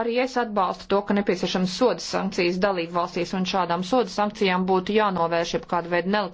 arī es atbalstu to, ka nepieciešams soda sankcijas dalību valstīs un šādām soda sankcijām būtu jānovērš jeb kāda veida nelikumīgās.